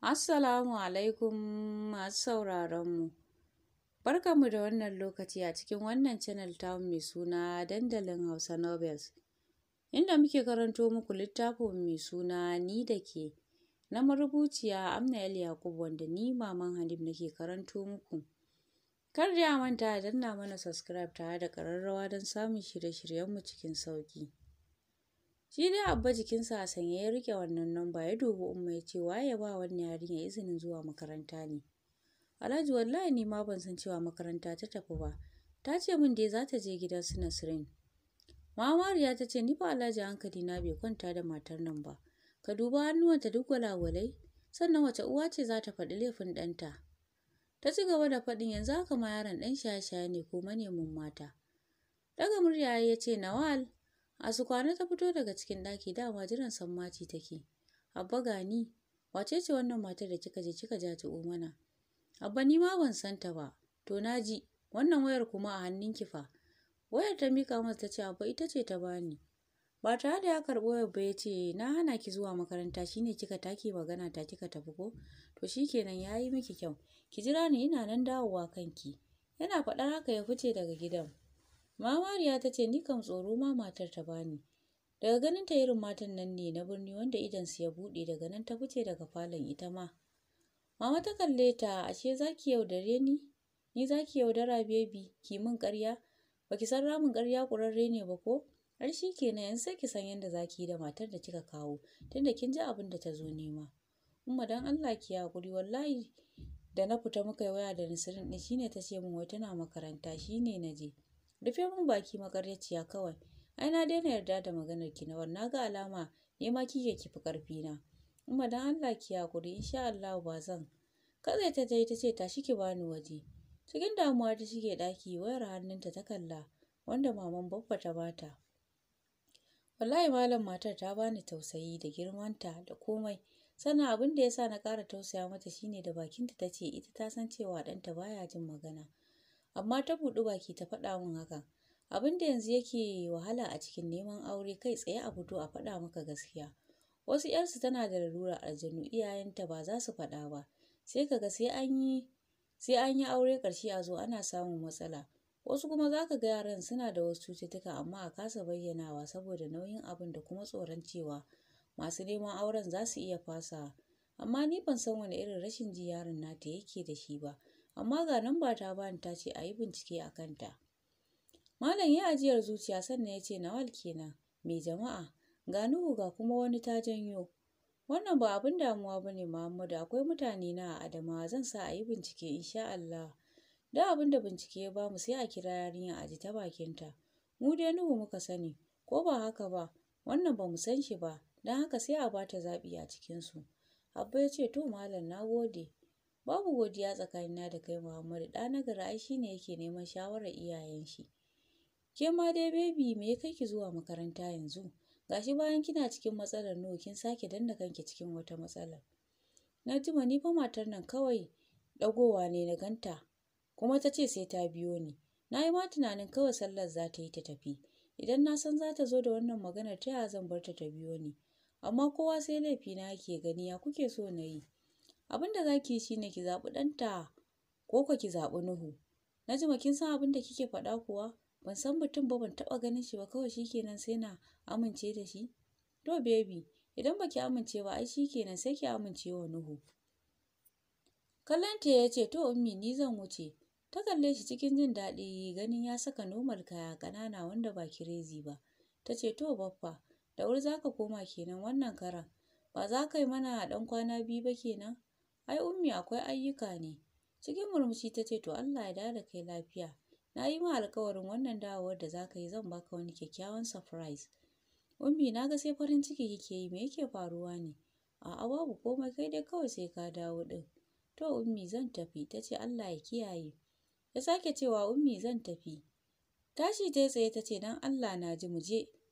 Assalamu alaikum masu sauraronmu. Barkanmu da wannan lokaci a cikin wannan channel ta mai suna dandalin Hausa Novels, inda muke karanto muku littafin mai suna Ni da ke na marubuciya Amna El Yakub wanda ni Maman Halim nake karanto muku. Kar da manta danna mana subscribe tare da ƙararrawa don samun shirye-shiryenmu cikin sauƙi. Shi dai Abba jikinsa a sanye ya rike wannan namba ya dubi Umma ya ce waye ya ba wannan yarinya izinin zuwa makaranta ne. Alhaji wallahi ni ma ban san cewa makaranta ta tafi ba. Ta ce min dai za ta je gidan su Nasrin. Mamariya ta ce ni fa Alhaji hankali na bai kwanta da matar nan ba. Ka duba hannuwanta duk walawalai sannan wace uwa ce za ta faɗi laifin ɗanta. Ta ci gaba da faɗin yanzu haka ma yaron ɗan shaye-shaye ne ko manemin mata. Ɗaga murya ya ce Nawal a su kwana ta fito daga cikin ɗaki dama jiran san mace take abba gani wace ce wannan matar da kika je kika ja ta mana abba ni ma ban san ta ba to naji wannan wayar kuma a hannun ki fa wayar ta mika masa ta ce abba ita ce ta bani ba tare da ya karɓo wayar ba ya ce na hana ki zuwa makaranta shine kika take magana ta kika tafi ko to shikenan ya yi miki kyau ki jira ni ina nan dawowa kanki yana faɗar haka ya fice daga gidan Mamariya ta ce ni kam tsoro ma matar ta bani. Daga ganin ta irin matan nan ne na birni wanda su ya buɗe daga nan ta fice daga falon ita ma. Mama ta kalle ta ashe za ki yaudare ni? Ni za ki yaudara bebi ki min ƙarya? Ba ki san ramin ƙarya ƙurarre ne ba ko? Har shi kenan yanzu sai ki san yadda za ki yi da matar da kika kawo tunda kin ji abin da ta zo nema. Umma don Allah ki haƙuri wallahi da na fita muka yi waya da Nasirin ɗin shine ta ce min wai tana makaranta shine na je. Rufe min baki makaryaciya kawai. Ai na daina yarda da maganar ki nawar na ga alama ne ma kike ki fi ƙarfi na. ma dan Allah ki hakuri insha Allah ba zan. Katsai ta ta ce tashi ki bani waje. Cikin damuwa ta shige ɗaki wayar hannunta ta kalla wanda maman Baffa ta bata. Wallahi malam matar ta bani tausayi da girmanta da komai. Sannan abin da ya sa na ƙara tausaya mata shine da bakinta ta ce ita ta san cewa ɗanta baya jin magana. amma ta buɗu baki ta faɗa min hakan abin da yanzu yake wahala a cikin neman aure kai tsaye a fito a faɗa maka gaskiya wasu yarsu tana da larura aljanu iyayenta ba za su faɗa ba sai kaga sai an yi sai an yi aure ƙarshe a zo ana samun matsala wasu kuma za ka ga yaran suna da wasu cututtuka amma a kasa bayyanawa saboda nauyin abin da kuma tsoron cewa masu neman auren za su iya fasa amma ni ban san wani irin rashin ji yaron nata yake da shi ba amma ga nan ba ta bani ta ce a yi bincike a kanta malam ya ajiyar zuciya sannan ya ce nawal kenan mai jama'a ga nuhu ga kuma wani ta janyo wannan ba abin damuwa ba ne muhammadu akwai mutane na a adamawa zan sa a yi bincike sha allah da abin da bincike ya bamu sai a kira yarinya a ji ta bakinta mu dai nuhu muka sani ko ba haka ba wannan ba mu san shi ba don haka sai a bata zaɓi a cikinsu abba ya ce to malam na gode babu godiya tsakanina da kai Muhammadu ɗa na gari ai shine yake neman shawarar iyayen shi ke ma dai bebi me ya kai ki zuwa makaranta yanzu gashi bayan kina cikin matsalar nawa kin sake danna kanki cikin wata matsalar na jima ni fa matar nan kawai dagowa ne na ganta kuma ta ce sai ta biyo ni na yi ma tunanin kawai sallar za ta yi ta tafi idan na san za ta zo da wannan maganar ta yaya zan bar ta ta biyo ni amma kowa sai laifina yake gani ya kuke so na yi abin da za ki yi ne ki zaɓi ɗanta ko ka ki zaɓi Nuhu. Na jima kin san abin da kike faɗa kuwa ban san mutum ba ban taɓa ganin shi ba kawai shi kenan sai na amince da shi. To bebi idan ba ki amince ba ai shi kenan sai ki amince wa Nuhu. kallanta ya ce to ummi ni zan wuce. Ta kalle shi cikin jin daɗi ganin ya saka nomal kaya ƙanana wanda ba kirezi ba. Ta ce to baffa da wuri za ka koma kenan wannan karan. Ba za ka yi mana ɗan kwana biyu ba kenan. ai ummi akwai ayyuka ne cikin murmushi ta ce to Allah ya dada kai lafiya na yi ma alkawarin wannan dawowar da za ka yi zan baka wani kyakkyawan surprise ummi na ga sai farin ciki kike yi me yake faruwa ne a'a babu komai kai dai kawai sai ka dawo din to ummi zan tafi ta ce Allah ya kiyaye ya sake cewa ummi zan tafi tashi ta tsaye ta ce dan Allah na ji mu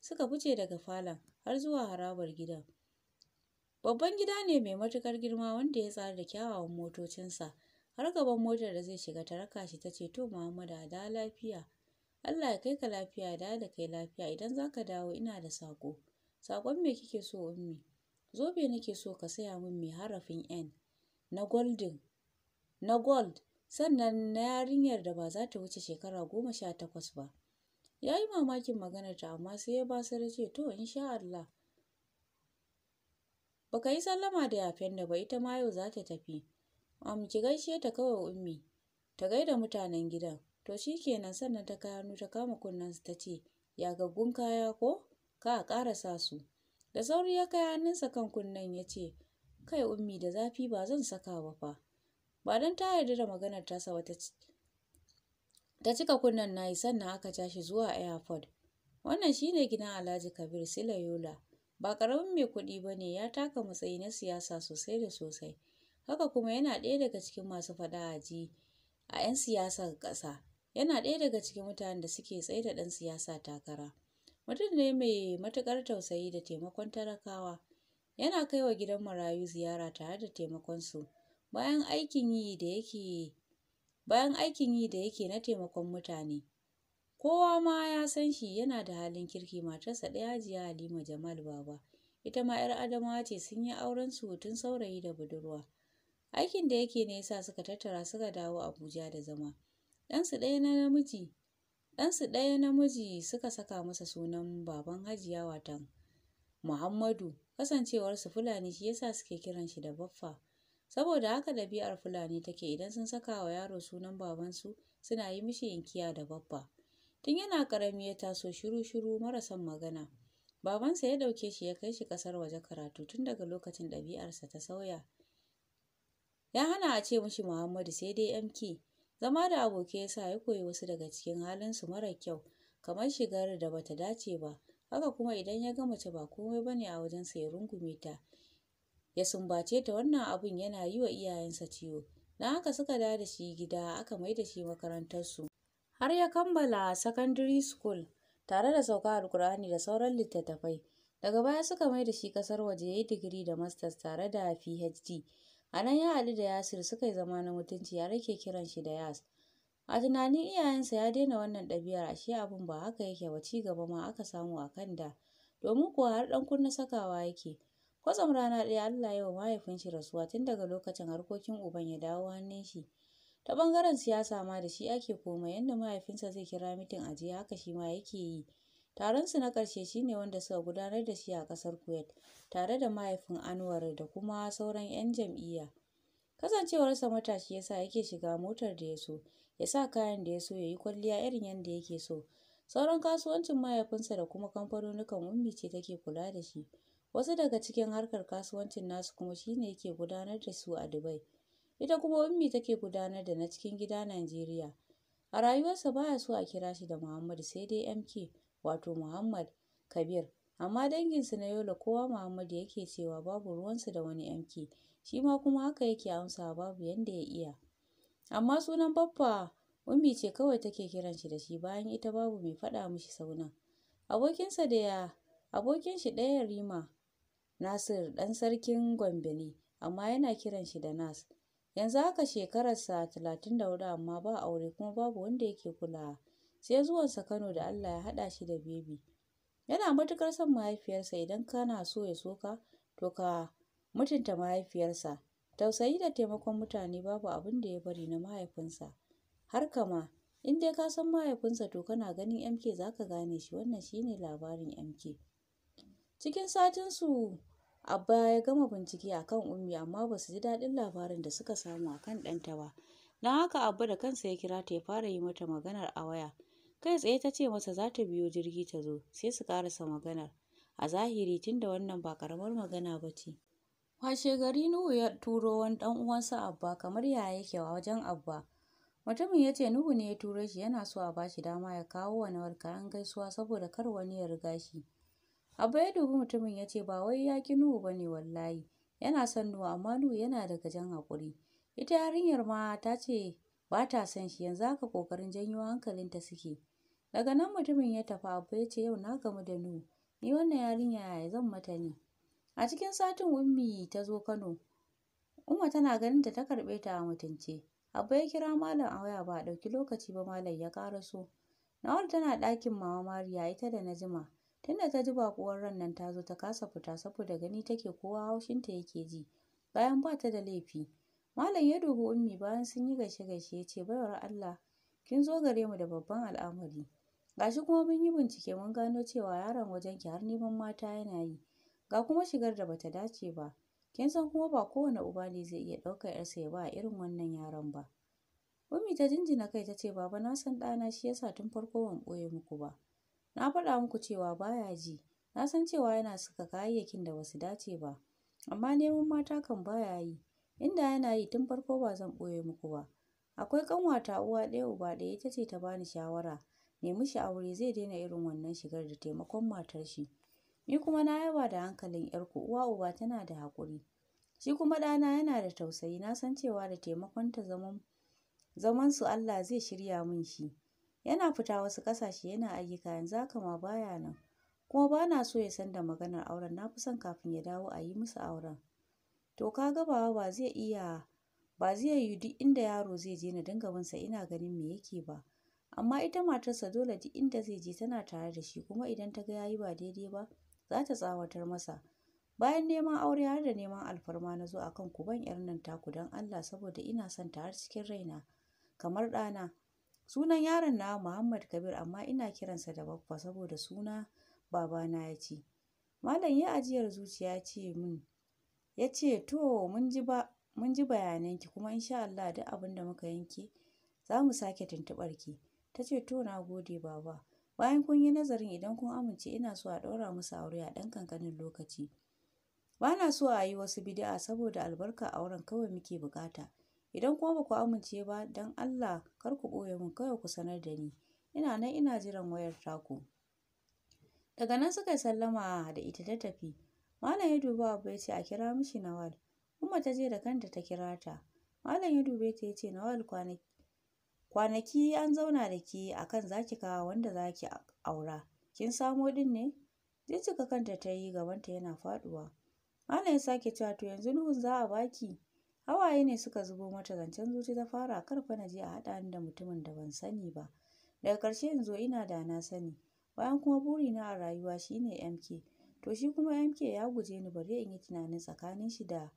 suka fice daga falon har zuwa harabar gidan Babban gida ne mai matuƙar girma wanda ya tsara da kyawawan motocinsa. Har gaban motar da zai shiga ta raka shi ta ce, To Muhammadu a da lafiya. Allah ya kai ka lafiya da da kai lafiya idan za ka dawo ina da sako. Saƙon me kike so ummi? Zobe nake so ka saya min mai harafin N na golden na gold sannan na yarinyar da ba za ta wuce shekara goma sha takwas ba. Ya yi mamakin maganarta amma sai ya basar ya ce to insha Allah baka yi sallama da yafen da ba ita ma yau za ta tafi am ki gaishe ta kawai ummi ta gaida mutanen gidan to shi kenan sannan ta kai hannu ta kama kunnensu ta ce ya gaggun kaya ko ka a sa su da sauri ya kai hannunsa kan kunnen ya ce kai ummi da zafi ba zan saka ba fa ba dan ta yarda da maganar tasa wata ta cika kunnen nayi sannan aka tashi zuwa airport wannan shine gidan alhaji kabir sila Ba ƙaramin mai kuɗi ba ne, ya taka matsayi na siyasa sosai da sosai, haka kuma yana ɗaya daga cikin masu faɗa a ji a 'yan siyasar ƙasa. Yana ɗaya daga cikin mutanen da suke tsaida ɗan siyasa takara. Mutum ne mai matuƙar tausayi da taimakon talakawa. Yana kai wa gidan marayu ziyara tare da taimakonsu bayan aikin yi da yake bayan aikin yi da yake na taimakon mutane. kowa ma ya san shi yana da halin kirki matarsa ɗaya hajiya halima jamal baba ita ma 'yar adamawa ce sun yi auren su tun saurayi da budurwa aikin da yake ne yasa suka tattara suka dawo abuja da zama ɗansu ɗaya na namiji ɗansu ɗaya namiji suka saka masa sunan baban hajiya watan muhammadu kasancewarsu fulani shi yasa suke kiran shi da baffa saboda haka ɗabi'ar fulani take idan sun saka wa yaro sunan babansu suna yi mishi inkiya da baffa. Tun yana ƙarami ya taso shiru-shiru mara son magana. Babansa ya ɗauke shi ya kai shi ƙasar waje karatu tun daga lokacin ɗabi'arsa ta sauya. Ya hana a ce mishi Muhammadu sai dai MK. Zama da abokai ya sa ya koyi wasu daga cikin halinsu mara kyau, kamar shigar da bata dace ba. Haka kuma idan ya ga mace ba komai ba ne a wajensa ya rungume ta, ya sumbace ta wannan abun yana yi wa iyayensa ciwo. Don haka suka dawo da shi gida aka mai da shi makarantarsu. har ya kammala sakandare school tare da sauka Alkur'ani da sauran littattafai. Daga baya suka mai da shi kasar waje ya yi digiri da masters tare da PhD. A nan ya ali da Yasir suka yi zama na mutunci ya rake kiran shi da Yas. A tunanin iyayensa ya daina wannan ɗabi'ar ashe abin ba haka yake ba ci gaba ma aka samu a kan da. Domin kuwa har ɗan kunna sakawa yake. Kwatsam rana ɗaya Allah ya yi wa mahaifin shi rasuwa tun daga lokacin harkokin uban ya dawo hannun shi. ta bangaren siyasa ma da shi ake koma yadda mahaifinsa zai kira mitin ajiya haka shi ma yake yi taron su na ƙarshe shine wanda suka gudanar da shi a ƙasar kuwait tare da mahaifin anwar da kuma sauran 'yan jam'iyya kasancewarsa matashi yasa yake shiga motar da ya so ya sa kayan da ya so ya yi kwalliya irin yadda yake so sauran kasuwancin mahaifinsa da kuma kamfanonukan ummi ce take kula da shi wasu daga cikin harkar kasuwancin nasu kuma shine yake gudanar da su a dubai ita kuma ummi take gudanar da na cikin gida Najeriya. A rayuwarsa baya so a kira shi da Muhammad sai dai MK wato Muhammad Kabir amma danginsu na Yola kowa Muhammad yake cewa babu ruwansa da wani MK shi ma kuma haka yake amsa babu yanda ya iya. Amma sunan baffa ummi ce kawai take kiran shi da shi bayan ita babu mai faɗa mishi sauna. Abokinsa da ya abokin shi ɗaya Rima Nasir ɗan sarkin Gombe ne amma yana kiran shi da Nas. yanzu haka shekararsa talatin da hudu amma ba aure kuma babu wanda yake kulawa sai zuwansa Kano da Allah ya haɗa shi da bebi yana matuƙar son mahaifiyarsa idan kana so ya soka to ka mutunta mahaifiyarsa tausayi da taimakon mutane babu abin da ya bari na mahaifinsa har kama in dai ka san mahaifinsa to kana ganin MK zaka gane shi wannan shine labarin MK cikin satin su Abba ya gama bincike a kan Ummi amma ba su ji daɗin labarin da suka samu a kan ɗanta ba. Don haka Abba da kansa ya kira ta ya fara yi mata maganar a waya. Kai tsaye ta ce masa za ta biyo jirgi ta zo sai su ƙarasa maganar. A zahiri tunda wannan ba ƙaramar magana ba ce. Washe gari Nuhu ya turo wani ɗan uwansa Abba kamar yaya yake wajen Abba. Mutumin ya ce Nuhu ne ya turo shi yana so a ba shi dama ya kawo wa kayan gaisuwa saboda kar wani ya riga shi. Abu ya dubi mutumin ya ce ba wai ya ki Nuhu ba ne wallahi. Yana son Nuhu amma Nuhu yana da jan haƙuri. Ita yarinyar ma ta ce ba ta son shi yanzu haka ƙoƙarin janyo ta suke. Daga nan mutumin ya tafi abu ya ce yau na gamu da Nuhu. Ni wannan yarinya ya zan mata ne. A cikin satin Ummi ta zo Kano. Umma tana ganin ta ta karɓe ta a mutunce. Abba ya kira malam a waya ba a ɗauki lokaci ba malam ya ƙaraso. Nawal tana ɗakin mama Mariya ita da na jima. Tunda ta ji baƙuwar ran nan ta zo ta kasa fita saboda gani take kowa haushinta yake ji. Bayan ba ta da laifi. Malam ya dubi Ummi bayan sun yi gaishe-gaishe ya ce baiwar Allah kin zo gare mu da babban al'amari. Gashi kuma mun yi bincike mun gano cewa yaron wajen ki har neman mata yana yi. Ga kuma shigar da bata dace ba. Kin san kuma ba kowane uba ne zai iya ɗaukar ‘yarsa ya ba irin wannan yaron ba. Ummi ta jinjina kai ta ce baba na san ɗana shi yasa tun farko ban ɓoye muku ba. Na faɗa muku cewa baya ji, na san cewa yana saka kayayyakin da basu dace ba, amma neman mata kan baya yi, inda yana yi tun farko ba zan ɓoye muku ba. Akwai ƙanwata uwa ɗaya uba ɗaya ita ce ta bani shawara, nemi mishi aure zai daina irin wannan shigar da taimakon matar shi. Ni kuma na yaba da hankalin 'yarku uwa uba tana da haƙuri. Shi kuma ɗana yana da tausayi na san cewa da taimakonta zaman su Allah zai shirya min shi. yana fita wasu ƙasashe yana ayyuka yanzu haka ma baya nan kuma ba na so ya san da maganar auren na fi son kafin ya dawo a yi musu auren to ka ga bawa ba zai iya ba zai yiwu duk inda yaro zai je na dinga binsa ina ganin me yake ba amma ita matarsa dole duk inda zai je tana tare da shi kuma idan ta ga yayi ba daidai ba za ta tsawatar masa bayan neman aure har da neman alfarma na zo akan ku ban yar nan taku don Allah saboda ina son ta har cikin raina kamar ɗana Sunan yaron na Muhammad Kabir amma ina kiransa da bakwa, saboda suna babana ya ce. Malam ya ajiyar zuciya ya ce min, ya ce to mun ji ba mun bayananki kuma insha Allah duk abin da muka yanke za mu sake tuntuɓar ki. Ta ce to na gode baba. Bayan kun yi nazarin idan kun amince ina so a ɗaura musu aure a ɗan kankanin lokaci. Ba na so a yi wasu bidi'a saboda albarka auren kawai muke buƙata. Idan kuma ba ku amince ba, don Allah kar ku ɓoye mun kawai ku sanar da ni. Ina nan ina jiran wayar taku. Daga nan suka yi sallama da ita ta tafi. Malam ya dubi abu ya ce a kira mishi Nawal. kuma ta je da kanta ta kira ta. Malam ya dube ta ya ce Nawal kwanaki an zauna da ke a akan zaki kawo wanda zaki aura. Kin samo din ne? zai cika kanta ta yi gabanta yana faduwa. Malam ya sake cewa to yanzu Nuhun za a baki? hawaye ne suka zubo mata zancen zuci ta fara karfa na je a haɗa ni da mutumin da ban sani ba daga ƙarshe in zo ina da na sani bayan kuma burina a rayuwa shine mk to shi kuma mk ya guje ni bari in yi tunanin tsakanin shi da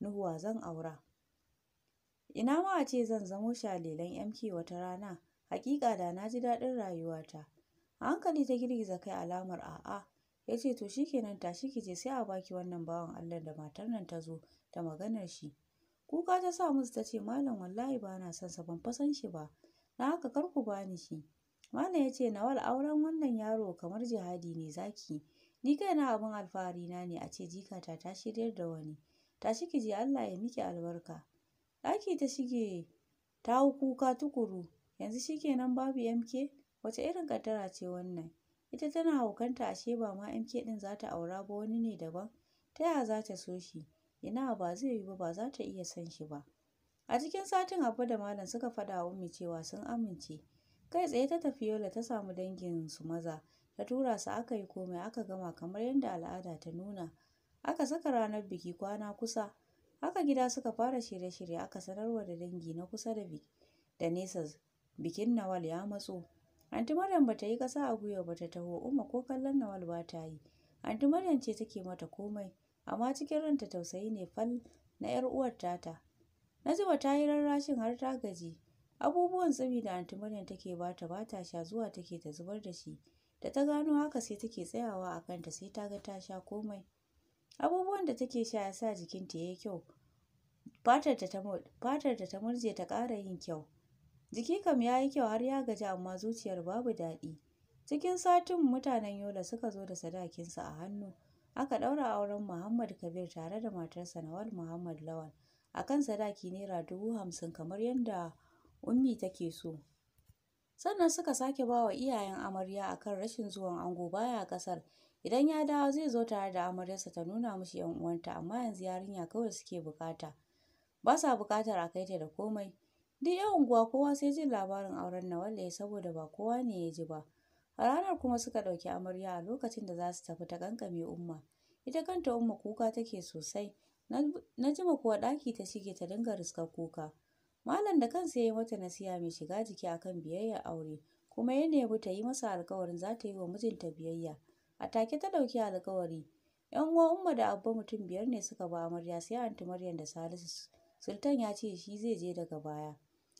nuhuwa zan aura ina ma a ce zan zamo shalelan mk wata rana hakika da na ji daɗin rayuwata hankali ta girgiza kai alamar a'a ya ce to shikenan tashi ki je sai a baki wannan bawan allah da matar nan ta zo ta maganar shi kuka ta sa musu tace ce malam wallahi ba na son sa ban fasan shi ba na haka kar ku bani shi malam ya ce nawal auren wannan yaro kamar jihadi ne zaki ni kai na abin alfahari na ne a ce jikata ta shiryar da wani tashi ki je Allah ya miki albarka ɗaki ta shige ta hau kuka tukuru yanzu shikenan babu MK wace irin kaddara ce wannan ita tana haukanta ashe ba ma MK din za ta aura ba wani ne daban ta yaya za ta so shi ina ba zai yi ba za ta iya san shi ba a cikin satin abba da malam suka faɗa wa ummi cewa sun amince kai tsaye ta tafi yola ta samu dangin su maza ta tura su aka yi komai aka gama kamar yadda al'ada ta nuna aka saka ranar biki kwana kusa haka gida suka fara shirye-shirye aka sanarwa da dangi na kusa da da nesa bikin nawal ya matso anti maryam bata yi kasa a gwiwa ba ta taho umma ko kallon nawal ba ta yi anti maryam ce take mata komai amma cikin ranta tausayi ne fal na 'yar uwar tata. Najma ta yi rarrashin har ta gaji. Abubuwan tsumi da Aunty Maryam take bata ba ta sha zuwa take ta zubar da shi. Da ta gano haka sai take tsayawa a kanta sai ta ga ta sha komai. Abubuwan da take sha yasa jikinta ya yi kyau. Fatar da ta murje ta ƙara yin kyau. Jiki kam ya yi kyau har ya gaji amma zuciyar babu daɗi. Cikin satin mutanen Yola suka zo da sadakinsa a hannu. Aka ɗaura auren Muhammad Kabir tare da matarsa Nawal Muhammad Lawal a kan sadaki Naira dubu hamsin kamar yadda Ummi take so. Sannan suka sake bawa iyayen amarya a kan rashin zuwan ango baya ƙasar. Idan ya dawo zai zo tare da amaryarsa ta nuna mushi 'yan uwanta amma yanzu yarinya kawai suke bukata Ba sa buƙatar a kai ta da komai. Duk yawan guwa kowa sai jin labarin auren Nawal ya saboda ba kowa ne ya ji ba. A ranar kuma suka ɗauki amarya a lokacin da za su tafi ta ƙanƙame umma. Ita kanta umma kuka take sosai. Na jima kuwa ɗaki ta shige ta dinga riskar kuka. Malam da kansa ya yi mata nasiya mai shiga jiki akan biyayyar aure kuma ya nemi ta yi masa alkawarin za ta yi wa mijinta biyayya. A take ta ɗauki alkawari. ‘Yan uwa Umma da Abba mutum biyar ne suka ba amarya sai anti Maryam da Salisu. Sultan ya ce shi zai je daga baya.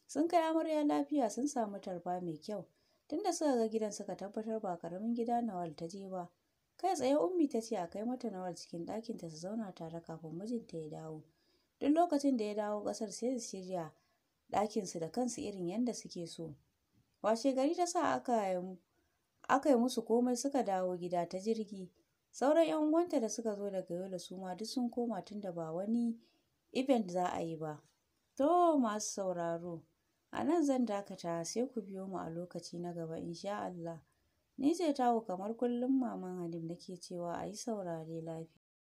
Sun kai amarya lafiya sun samu tarba mai kyau. Tunda suka ga gidan suka tabbatar ba karamin gida Nawal ta je ba. Kai tsaye Ummi ta ce a kai mata Nawal cikin ɗakinta su zauna tare kafin mijinta ya dawo. Duk lokacin da ya dawo ƙasar sai su shirya ɗakinsu da kansu irin yadda suke so. Washe gari ta sa aka yi aka yi musu komai suka dawo gida ta jirgi. Sauran 'yan uwanta da suka zo daga Yola su ma duk sun koma tunda ba wani event za a yi ba. To masu sauraro. A nan zan dakata sai ku biyo mu a lokaci na gaba insha Allah. Ni ce tawo kamar kullum Maman Halim nake cewa a yi saurare lafiya.